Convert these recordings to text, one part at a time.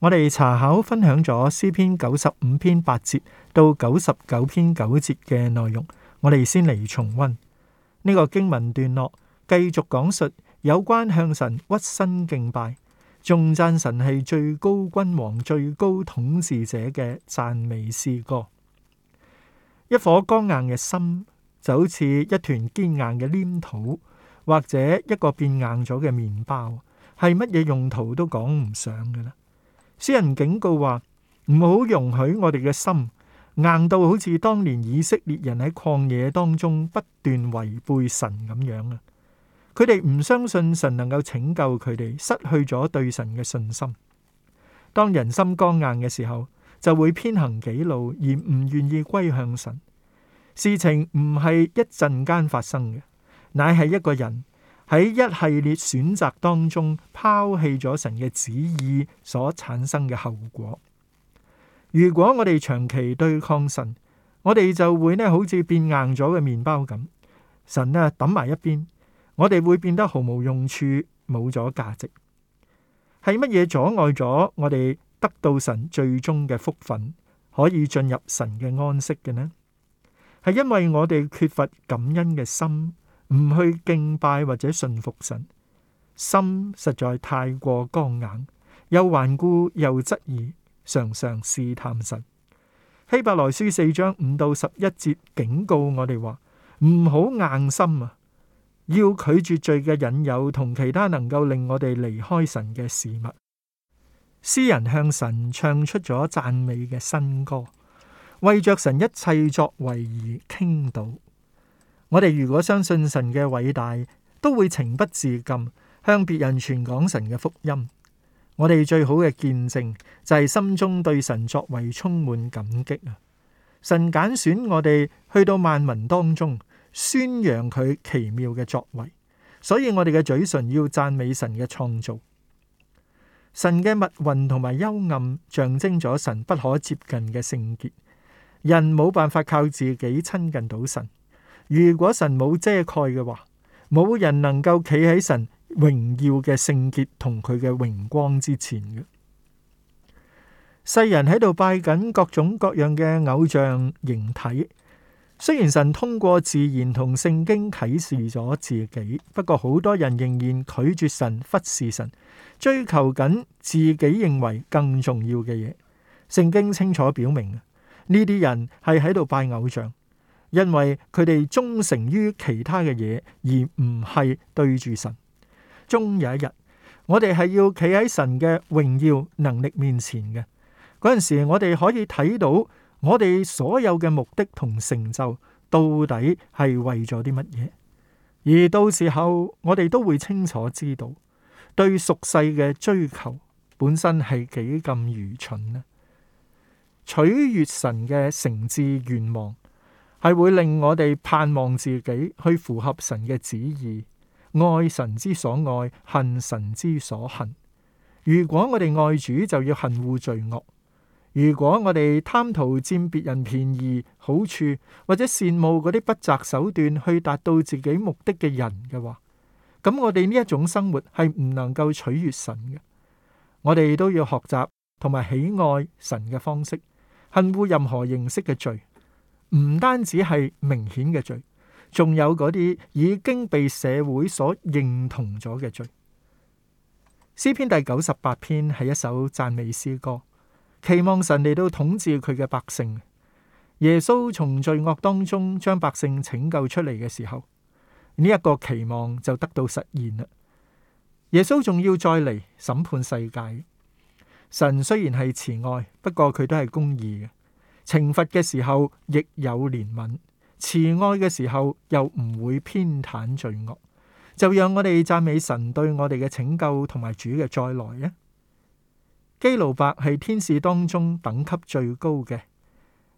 我哋查考分享咗詩篇九十五篇八節到九十九篇九節嘅內容，我哋先嚟重溫呢、這個經文段落，繼續講述有關向神屈身敬拜、頌讚神係最高君王、最高統治者嘅讚美詩歌。一顆剛硬嘅心就好似一團堅硬嘅黏土，或者一個變硬咗嘅麵包，係乜嘢用途都講唔上嘅啦。詩人警告話：唔好容許我哋嘅心硬到好似當年以色列人喺曠野當中不斷違背神咁樣啊！佢哋唔相信神能夠拯救佢哋，失去咗對神嘅信心。當人心剛硬嘅時候，就會偏行己路而唔願意歸向神。事情唔係一陣間發生嘅，乃係一個人喺一系列選擇當中拋棄咗神嘅旨意所產生嘅後果。如果我哋長期對抗神，我哋就會呢，好似變硬咗嘅麵包咁，神呢，抌埋一邊，我哋會變得毫無用處，冇咗價值。係乜嘢阻礙咗我哋得到神最終嘅福分，可以進入神嘅安息嘅呢？係因為我哋缺乏感恩嘅心。唔去敬拜或者順服神，心實在太過剛硬，又頑固又質疑，常常試探神。希伯來書四章五到十一節警告我哋話：唔好硬心啊！要拒絕罪嘅引誘，同其他能夠令我哋離開神嘅事物。詩人向神唱出咗讚美嘅新歌，為着神一切作為而傾倒。我哋如果相信神嘅偉大，都會情不自禁向別人傳講神嘅福音。我哋最好嘅見證就係心中對神作為充滿感激啊！神揀選我哋去到萬民當中，宣揚佢奇妙嘅作為，所以我哋嘅嘴唇要讚美神嘅創造。神嘅密雲同埋幽暗象徵咗神不可接近嘅聖潔，人冇辦法靠自己親近到神。如果神冇遮蓋嘅話，冇人能夠企喺神榮耀嘅聖潔同佢嘅榮光之前。世人喺度拜緊各種各樣嘅偶像形體，雖然神通過自然同聖經啟示咗自己，不過好多人仍然拒絕神、忽視神，追求緊自己認為更重要嘅嘢。聖經清楚表明，呢啲人係喺度拜偶像。因為佢哋忠誠於其他嘅嘢，而唔係對住神。終有一日，我哋係要企喺神嘅榮耀能力面前嘅嗰陣時，我哋可以睇到我哋所有嘅目的同成就到底係為咗啲乜嘢？而到時候我哋都會清楚知道，對俗世嘅追求本身係幾咁愚蠢呢？取悅神嘅誠摯願望，係會令我哋盼望自己去符合神嘅旨意，愛神之所愛，恨神之所恨。如果我哋愛主就要恨惡罪惡；如果我哋貪圖佔別人便宜、好處或者羨慕嗰啲不擇手段去達到自己目的嘅人嘅話，咁我哋呢一種生活係唔能夠取悅神嘅。我哋都要學習同埋喜愛神嘅方式，恨惡任何形式嘅罪。唔單止係明顯嘅罪，仲有嗰啲已經被社會所認同咗嘅罪。詩篇第九十八篇係一首讚美詩歌，期望神嚟到統治佢嘅百姓。耶穌從罪惡當中將百姓拯救出嚟嘅時候，呢一個期望就得到實現啦。耶穌仲要再嚟審判世界。神雖然係慈愛，不過佢都係公義嘅。懲罰嘅時候亦有憐憫，慈愛嘅時候又唔會偏袒罪惡。就讓我哋讚美神對我哋嘅拯救同埋主嘅再來啊！基魯伯係天使當中等級最高嘅，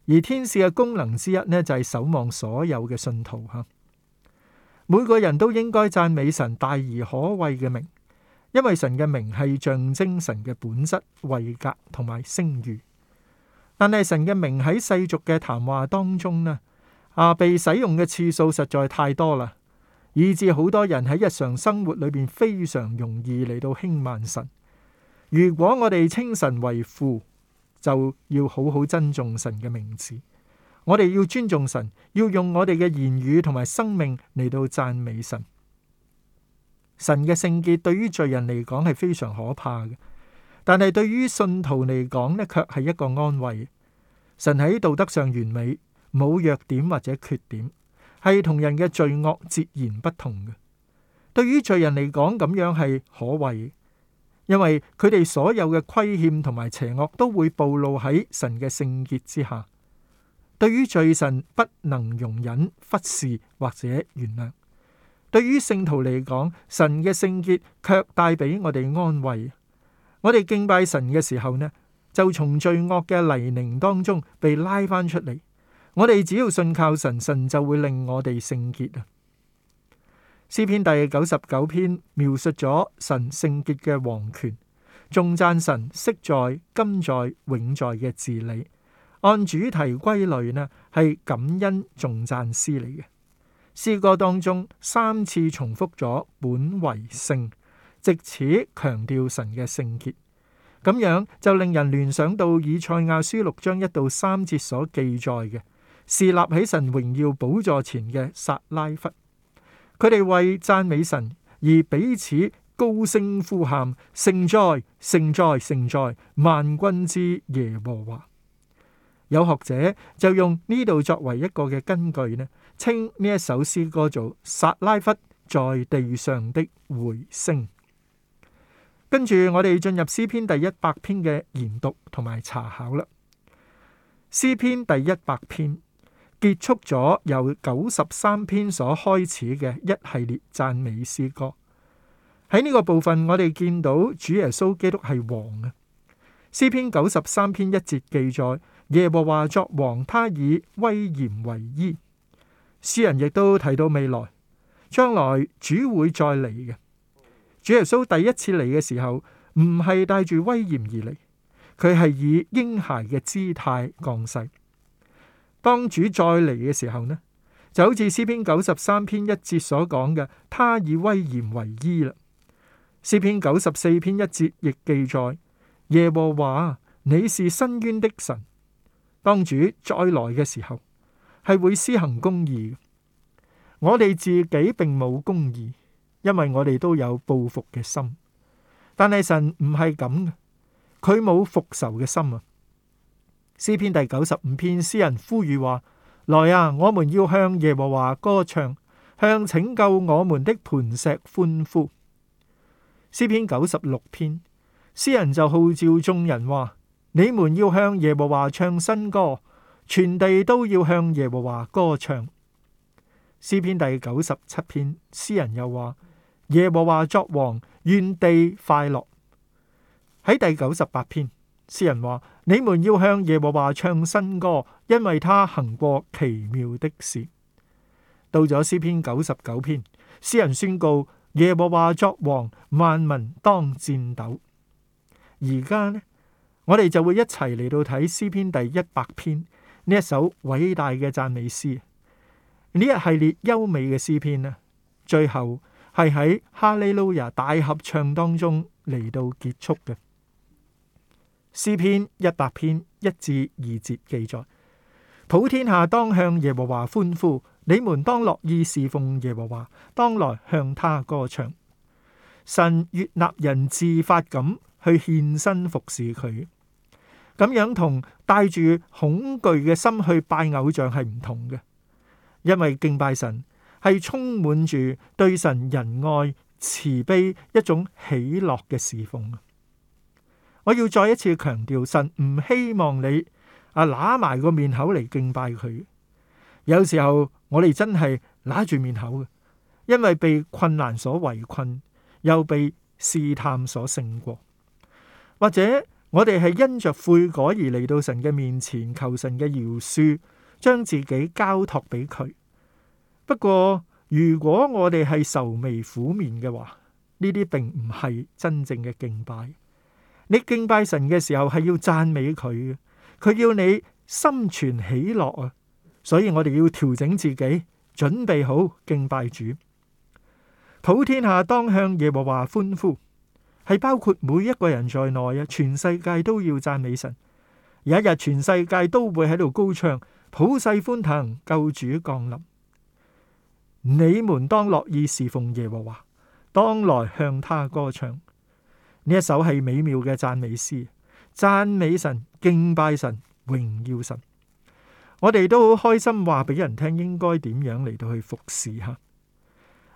而天使嘅功能之一呢，就係、是、守望所有嘅信徒哈。每個人都應該讚美神大而可畏嘅名，因為神嘅名係象徵神嘅本質、位格同埋聲譽。但係神嘅名喺世俗嘅談話當中呢，阿、啊、被使用嘅次數實在太多啦，以致好多人喺日常生活裏邊非常容易嚟到輕慢神。如果我哋稱神為父，就要好好尊重神嘅名字。我哋要尊重神，要用我哋嘅言語同埋生命嚟到讚美神。神嘅聖潔對於罪人嚟講係非常可怕嘅。但係，對於信徒嚟講呢，卻係一個安慰。神喺道德上完美，冇弱點或者缺點，係同人嘅罪惡截然不同嘅。對於罪人嚟講，咁樣係可畏，因為佢哋所有嘅虧欠同埋邪惡都會暴露喺神嘅聖潔之下。對於罪，神不能容忍、忽視或者原諒。對於聖徒嚟講，神嘅聖潔卻帶俾我哋安慰。我哋敬拜神嘅時候呢，就從罪惡嘅泥濘當中被拉翻出嚟。我哋只要信靠神，神就會令我哋聖潔啊！詩篇第九十九篇描述咗神聖潔嘅王權，頌讚神昔在、今在、永在嘅治理。按主題歸類呢，係感恩頌讚詩嚟嘅。詩歌當中三次重複咗本為聖。借此強調神嘅聖潔，咁樣就令人聯想到以賽亞書六章一到三節所記載嘅，是立起神榮耀寶座前嘅撒拉弗，佢哋為讚美神而彼此高聲呼喊：聖哉，聖哉，聖哉！萬軍之耶和華。有學者就用呢度作為一個嘅根據呢，稱呢一首詩歌做《撒拉弗在地上的回聲》。跟住我哋進入詩篇第一百篇嘅研讀同埋查考啦。詩篇第一百篇結束咗由九十三篇所開始嘅一系列讚美詩歌。喺呢個部分，我哋見到主耶穌基督係王啊。詩篇九十三篇一節記載：耶和華作王，他以威嚴為衣。詩人亦都提到未來，將來主會再嚟嘅。主耶穌第一次嚟嘅時候，唔係帶住威嚴而嚟，佢係以嬰孩嘅姿態降世。當主再嚟嘅時候呢，就好似詩篇九十三篇一節所講嘅，他以威嚴為衣啦。詩篇九十四篇一節亦記載：耶和華你是伸冤的神。當主再來嘅時候，係會施行公義。我哋自己並冇公義。因為我哋都有報復嘅心，但係神唔係咁，佢冇復仇嘅心啊。詩篇第九十五篇，詩人呼籲話：來啊，我們要向耶和華歌唱，向拯救我們的磐石歡呼。詩篇九十六篇，詩人就號召眾人話：你們要向耶和華唱新歌，全地都要向耶和華歌唱。詩篇第九十七篇，詩人又話：耶和華作王，願地快樂。喺第九十八篇，詩人話：你們要向耶和華唱新歌，因為他行過奇妙的事。到咗詩篇九十九篇，詩人宣告：耶和華作王，萬民當戰鬥。而家呢，我哋就會一齊嚟到睇詩篇第一百篇，呢一首偉大嘅讚美詩。呢一系列優美嘅詩篇呢，最後。係喺哈利路亞大合唱當中嚟到結束嘅詩篇一百篇一至二節記載，普天下當向耶和華歡呼，你們當樂意侍奉耶和華，當來向他歌唱。神悅納人自發咁去獻身服侍佢，咁樣同帶住恐懼嘅心去拜偶像係唔同嘅，因為敬拜神係充滿住對神仁愛慈悲一種喜樂嘅侍奉。我要再一次強調，神唔希望你啊揦埋個面口嚟敬拜佢。有時候我哋真係揦住面口嘅，因為被困難所圍困，又被試探所勝過，或者我哋係因着悔改而嚟到神嘅面前，求神嘅饒恕，將自己交託俾佢。不過，如果我哋係愁眉苦面嘅話，呢啲並唔係真正嘅敬拜。你敬拜神嘅時候係要讚美佢嘅，佢要你心存喜樂啊。所以我哋要調整自己，準備好敬拜主。普天下當向耶和華歡呼，係包括每一個人在內啊！全世界都要讚美神，有一日全世界都會喺度高唱普世歡騰，救主降臨。你們當樂意侍奉耶和華，當來向他歌唱。呢一首係美妙嘅讚美詩，讚美神、敬拜神、榮耀神。我哋都好開心，話俾人聽應該點樣嚟到去服侍吓。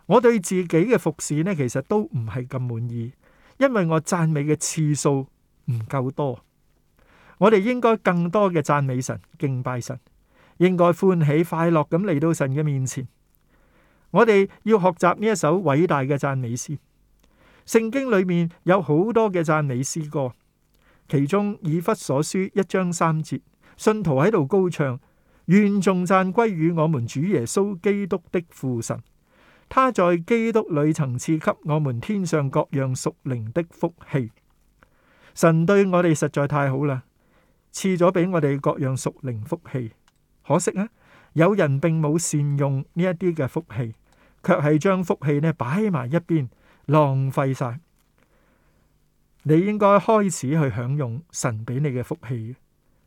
我對自己嘅服侍呢，其實都唔係咁滿意，因為我讚美嘅次數唔夠多。我哋應該更多嘅讚美神、敬拜神，應該歡喜快樂咁嚟到神嘅面前。我哋要學習呢一首偉大嘅讚美詩。聖經裏面有好多嘅讚美詩歌，其中以弗所書一章三節，信徒喺度高唱：願頌讚歸與我們主耶穌基督的父神，他在基督裡曾賜給我們天上各樣屬靈的福氣。神對我哋實在太好啦，賜咗俾我哋各樣屬靈福氣。可惜啊，有人並冇善用呢一啲嘅福氣。卻係將福氣咧擺埋一邊，浪費晒。你應該開始去享用神俾你嘅福氣，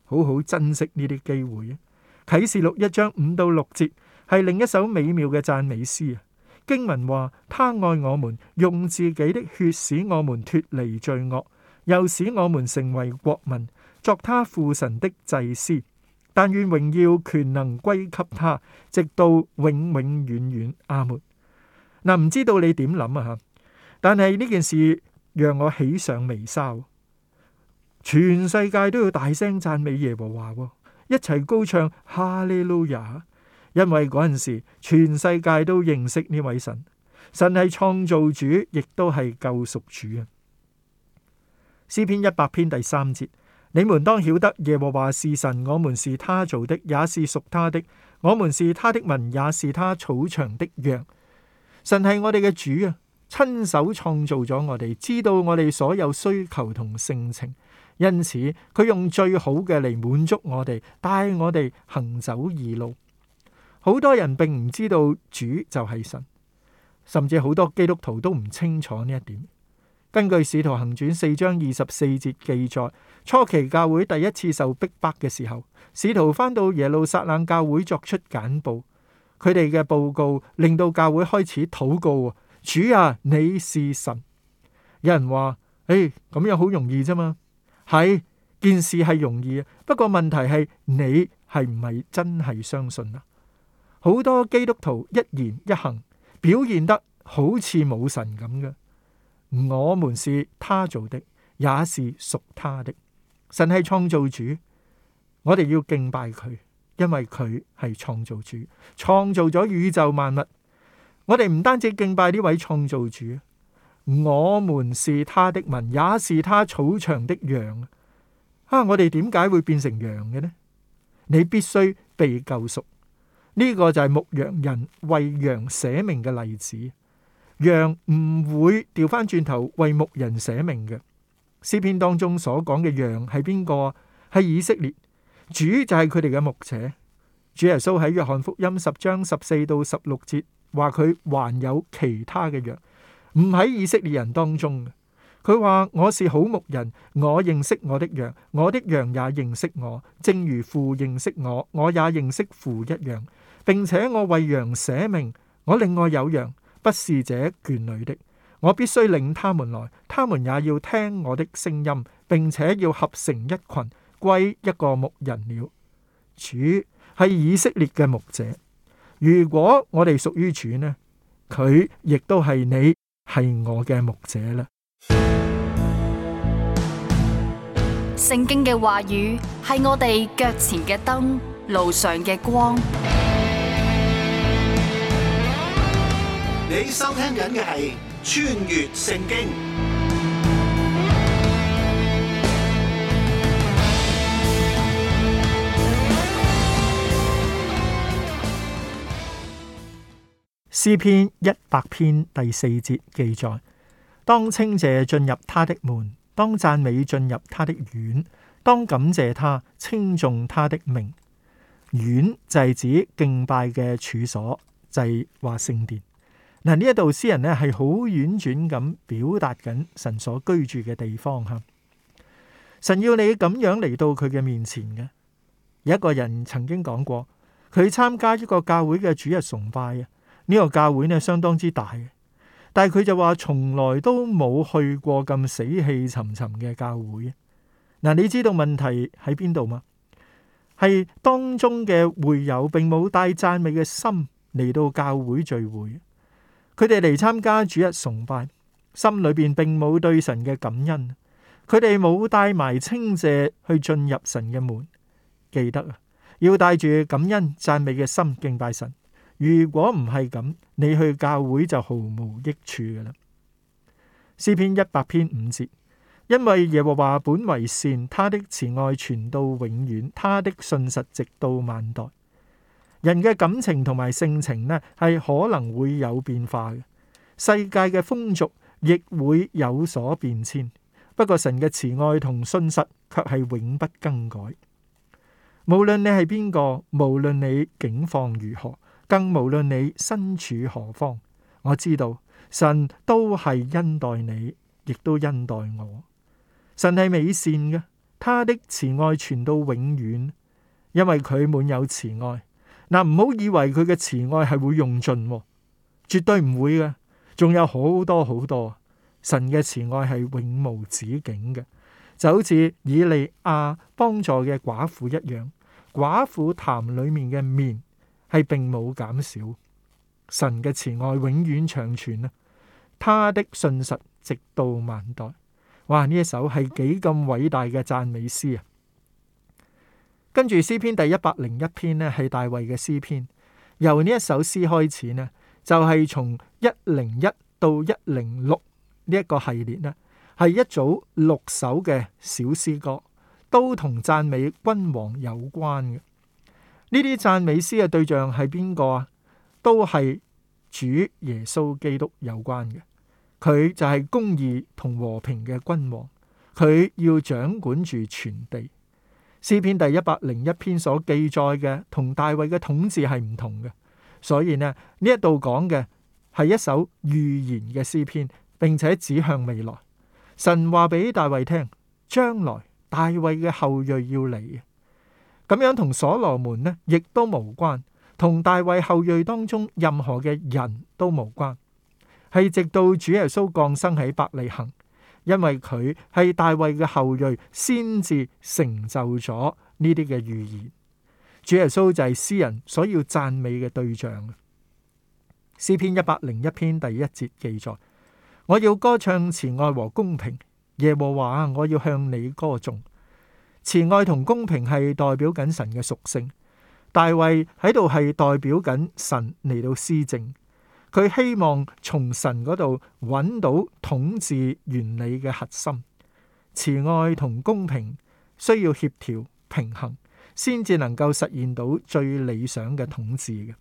好好珍惜呢啲機會啊！啟示錄一章五到六節係另一首美妙嘅讚美詩啊！經文話：他愛我們，用自己的血使我們脫離罪惡，又使我們成為國民，作他父神的祭司。但願榮耀權能歸給他，直到永永遠遠阿末。嗱、啊，唔知道你點諗啊吓？但係呢件事讓我喜上眉梢，全世界都要大聲讚美耶和華，一齊高唱哈利路亞，因為嗰陣時全世界都認識呢位神，神係創造主，亦都係救贖主啊。詩篇一百篇第三節。你們當曉得耶和華是神，我們是他造的，也是屬他的。我們是他的民，也是他草場的羊。神係我哋嘅主啊，親手創造咗我哋，知道我哋所有需求同性情，因此佢用最好嘅嚟滿足我哋，帶我哋行走義路。好多人並唔知道主就係神，甚至好多基督徒都唔清楚呢一點。根據《使徒行傳》四章二十四節記載，初期教會第一次受逼迫嘅時候，使徒返到耶路撒冷教會作出簡報，佢哋嘅報告令到教會開始禱告：主啊，你是神。有人話：誒、哎，咁樣好容易啫嘛？係，件事係容易，不過問題係你係唔係真係相信啊？好多基督徒一言一行表現得好似冇神咁嘅。我們是他做的，也是屬他的。神係創造主，我哋要敬拜佢，因為佢係創造主，創造咗宇宙萬物。我哋唔單止敬拜呢位創造主，我們是他的民，也是他草場的羊。啊，我哋點解會變成羊嘅呢？你必須被救贖，呢、這個就係牧羊人為羊寫明嘅例子。羊唔會掉返轉頭為牧人寫名。嘅詩篇當中所講嘅羊係邊個啊？係以色列，主就係佢哋嘅牧者。主耶穌喺約翰福音十章十四到十六節話：佢還有其他嘅羊，唔喺以色列人當中。佢話我是好牧人，我認識我的羊，我的羊也認識我，正如父認識我，我也認識父一樣，並且我為羊寫名，我另外有羊。不是這眷侶的，我必須領他們來，他們也要聽我的聲音，並且要合成一群，歸一個牧人了。主係以色列嘅牧者。如果我哋屬於主呢，佢亦都係你，係我嘅牧者啦。聖經嘅話語係我哋腳前嘅燈，路上嘅光。你收聽緊嘅係《穿越聖經》詩篇一百篇第四節記載：當稱謝進入他的門，當讚美進入他的院，當感謝他，稱頌他的名。院就係指敬拜嘅處所，就係話聖殿。呢一度詩人咧係好婉轉咁表達緊神所居住嘅地方。吓，神要你咁樣嚟到佢嘅面前嘅。有一個人曾經講過，佢參加一個教會嘅主日崇拜啊。呢、呢個教會呢，相當之大嘅，但係佢就話從來都冇去過咁死氣沉沉嘅教會。嗱、嗯，你知道問題喺邊度嗎？係當中嘅會友並冇帶讚美嘅心嚟到教會聚會。佢哋嚟參加主日崇拜，心裏邊並冇對神嘅感恩，佢哋冇帶埋稱謝去進入神嘅門。記得啊，要帶住感恩讚美嘅心敬拜神。如果唔係咁，你去教會就毫無益處噶啦。詩篇一百篇五節，因為耶和華本為善，他的慈愛傳到永遠，他的信實直到萬代。人嘅感情同埋性情呢，係可能會有變化嘅。世界嘅風俗亦會有所變遷，不過神嘅慈愛同信實卻係永不更改。無論你係邊個，無論你境況如何，更無論你身處何方，我知道神都係恩待你，亦都恩待我。神係美善嘅，他的慈愛傳到永遠，因為佢滿有慈愛。嗱，唔好以為佢嘅慈愛係會用盡，絕對唔會嘅，仲有好多好多。神嘅慈愛係永無止境嘅，就好似以利亞幫助嘅寡婦一樣，寡婦壇裏面嘅麵係並冇減少。神嘅慈愛永遠長存啊！他的信實直到萬代。哇，呢一首係幾咁偉大嘅讚美詩啊！跟住詩篇第一百零一篇呢，係大衛嘅詩篇。由呢一首詩開始呢，就係從一零一到一零六呢一個系列呢，係一組六首嘅小詩歌，都同讚美君王有關嘅。呢啲讚美詩嘅對象係邊個啊？都係主耶穌基督有關嘅。佢就係公義同和平嘅君王，佢要掌管住全地。詩篇第一百零一篇所記載嘅同大衛嘅統治係唔同嘅，所以呢，呢一度講嘅係一首預言嘅詩篇，並且指向未來。神話俾大衛聽，將來大衛嘅後裔要嚟，咁樣同所羅門呢亦都無關，同大衛後裔當中任何嘅人都無關，係直到主耶穌降生喺伯利恆。因為佢係大衛嘅後裔，先至成就咗呢啲嘅預言。主耶穌就係詩人所要讚美嘅對象。詩篇一百零一篇第一節記載：我要歌唱慈愛和公平，耶和華，我要向你歌頌。慈愛同公平係代表緊神嘅屬性。大衛喺度係代表緊神嚟到施政。佢希望從神嗰度揾到統治原理嘅核心，慈愛同公平需要協調平衡，先至能夠實現到最理想嘅統治嘅。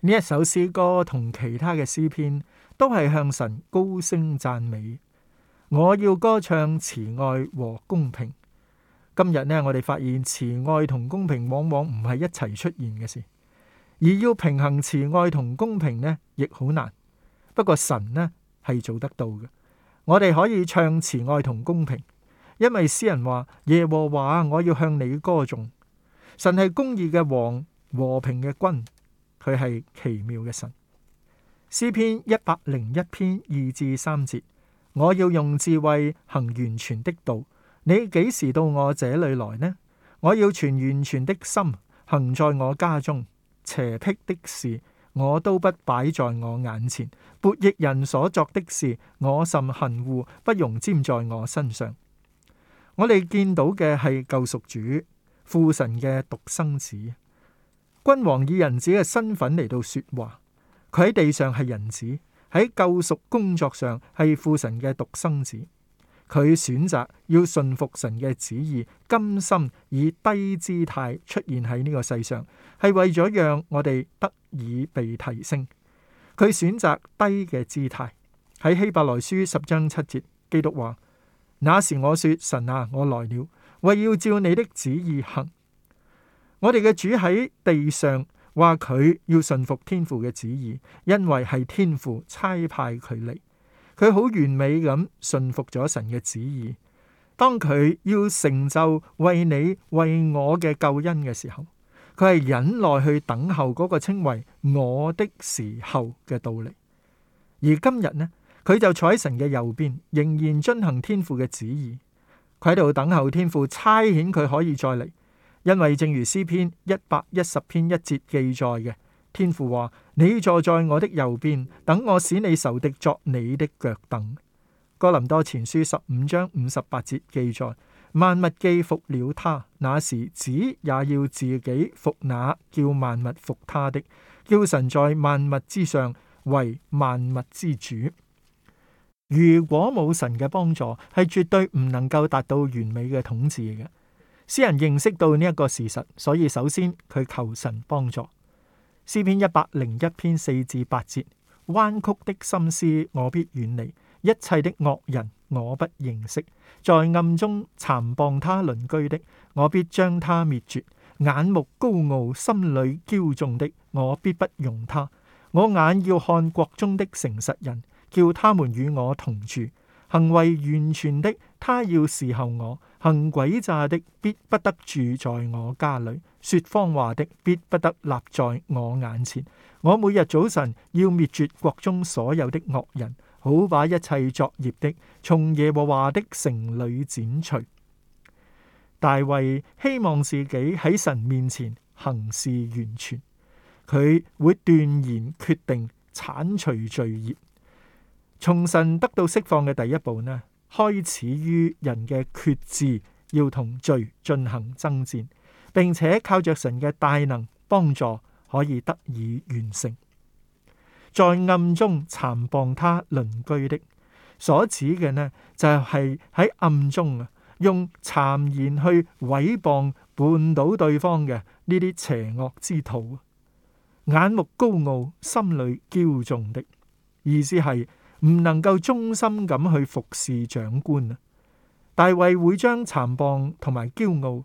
呢一首詩歌同其他嘅詩篇都係向神高聲讚美。我要歌唱慈愛和公平。今日呢，我哋發現慈愛同公平往往唔係一齊出現嘅事。而要平衡慈愛同公平呢，亦好難。不過神呢係做得到嘅，我哋可以唱慈愛同公平，因為詩人話耶和華我要向你歌頌。神係公義嘅王，和平嘅君，佢係奇妙嘅神。詩篇一百零一篇二至三節，我要用智慧行完全的道。你幾時到我這裏來呢？我要存完全的心行在我家中。邪僻的事我都不擺在我眼前，悖逆人所作的事我甚恨惡，不容沾在我身上。我哋見到嘅係救贖主父神嘅獨生子，君王以人子嘅身份嚟到說話。佢喺地上係人子，喺救贖工作上係父神嘅獨生子。佢選擇要順服神嘅旨意，甘心以低姿態出現喺呢個世上，係為咗讓我哋得以被提升。佢選擇低嘅姿態。喺希伯來書十章七節，基督話：那時我說神啊，我來了，為要照你的旨意行。我哋嘅主喺地上話佢要順服天父嘅旨意，因為係天父差派佢嚟。佢好完美咁順服咗神嘅旨意。當佢要成就為你為我嘅救恩嘅時候，佢係忍耐去等候嗰個稱為我的時候嘅到嚟。而今日呢，佢就坐喺神嘅右邊，仍然遵行天父嘅旨意。佢喺度等候天父差遣佢可以再嚟，因為正如詩篇一百一十篇一節記載嘅。天父話：你坐在我的右邊，等我使你仇敵作你的腳凳。哥林多前書十五章五十八節記載：萬物既服了他，那時子也要自己服那叫萬物服他的，叫神在萬物之上為萬物之主。如果冇神嘅幫助，係絕對唔能夠達到完美嘅統治嘅。詩人認識到呢一個事實，所以首先佢求神幫助。詩篇一百零一篇四至八節，彎曲的心思我必遠離，一切的惡人我不認識，在暗中殘暴他鄰居的，我必將他滅絕；眼目高傲、心裡驕縱的，我必不容他。我眼要看國中的誠實人，叫他們與我同住；行為完全的，他要侍候我；行詭詐的，必不得住在我家裡。說謊話的，必不得立在我眼前。我每日早晨要滅絕國中所有的惡人，好把一切作孽的從耶和華的城裏剪除。大衛希望自己喺神面前行事完全，佢會斷言決定鏟除罪孽。從神得到釋放嘅第一步呢，開始於人嘅決志，要同罪進行爭戰。並且靠着神嘅大能幫助，可以得以完成。在暗中讒謗他鄰居的，所指嘅呢就係、是、喺暗中啊，用讒言去毀謗絆倒對方嘅呢啲邪惡之徒。眼目高傲、心裏驕縱的，意思係唔能夠忠心咁去服侍長官啊。大衛會將讒謗同埋驕傲。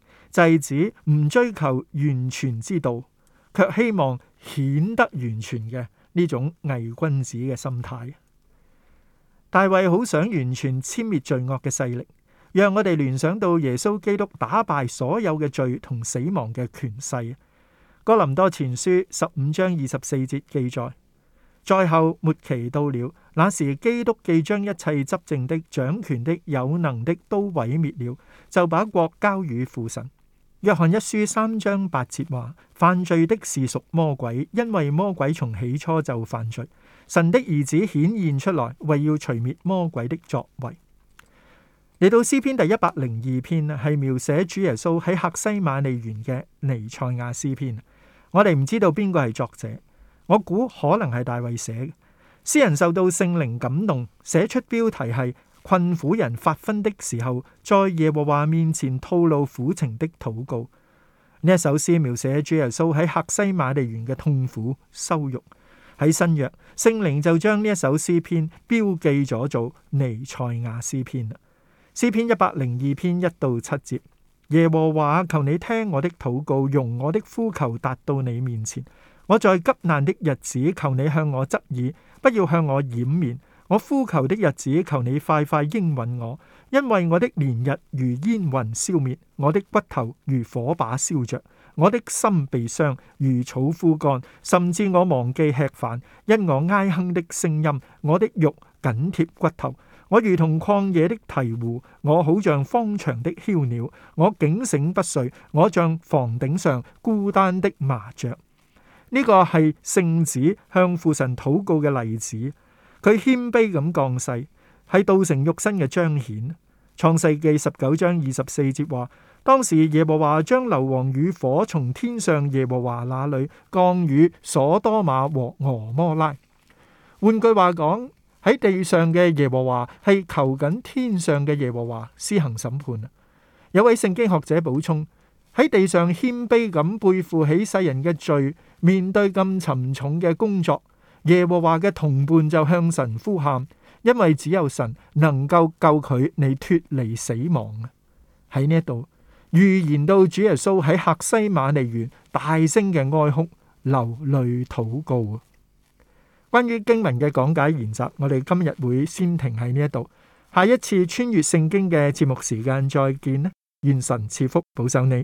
制止唔追求完全之道，卻希望顯得完全嘅呢種偽君子嘅心態。大衛好想完全殲滅罪惡嘅勢力，讓我哋聯想到耶穌基督打敗所有嘅罪同死亡嘅權勢。哥林多前書十五章二十四節記載：再後末期到了，那時基督既將一切執政的、掌權的、有能的都毀滅了，就把國交與父神。約翰一書三章八節話：犯罪的是屬魔鬼，因為魔鬼從起初就犯罪。神的兒子顯現出來，為要除滅魔鬼的作為。嚟到詩篇第一百零二篇，係描寫主耶穌喺客西馬尼園嘅尼賽亞詩篇。我哋唔知道邊個係作者，我估可能係大衛寫嘅。詩人受到聖靈感動，寫出標題係。困苦人發昏的時候，在耶和華面前吐露苦情的禱告。呢一首詩描寫主耶穌喺客西馬地園嘅痛苦羞辱。喺新約聖靈就將呢一首詩篇標記咗做尼賽亞詩篇啦。詩篇一百零二篇一到七節，耶和華求你聽我的禱告，容我的呼求達到你面前。我在急難的日子，求你向我側耳，不要向我掩面。我呼求的日子，求你快快應允我，因為我的年日如煙雲消滅，我的骨頭如火把燒着，我的心被傷如草枯乾，甚至我忘記吃飯，因我哀哼的聲音，我的肉緊貼骨頭，我如同曠野的鵜鶘，我好像荒場的梟鳥，我警醒不睡，我像房頂上孤單的麻雀。呢、這個係聖子向父神禱告嘅例子。佢謙卑咁降世，係道成肉身嘅彰顯。創世記十九章二十四節話：當時耶和華將硫磺與火從天上耶和華那裡降與所多瑪和蛾摩拉。換句話講，喺地上嘅耶和華係求緊天上嘅耶和華施行審判。有位聖經學者補充：喺地上謙卑咁背負起世人嘅罪，面對咁沉重嘅工作。耶和華嘅同伴就向神呼喊，因為只有神能夠救佢，你脫離死亡啊！喺呢一度預言到主耶穌喺客西馬尼園大聲嘅哀哭，流淚禱告啊！關於經文嘅講解研習，我哋今日會先停喺呢一度，下一次穿越聖經嘅節目時間再見啦！願神賜福，保守你。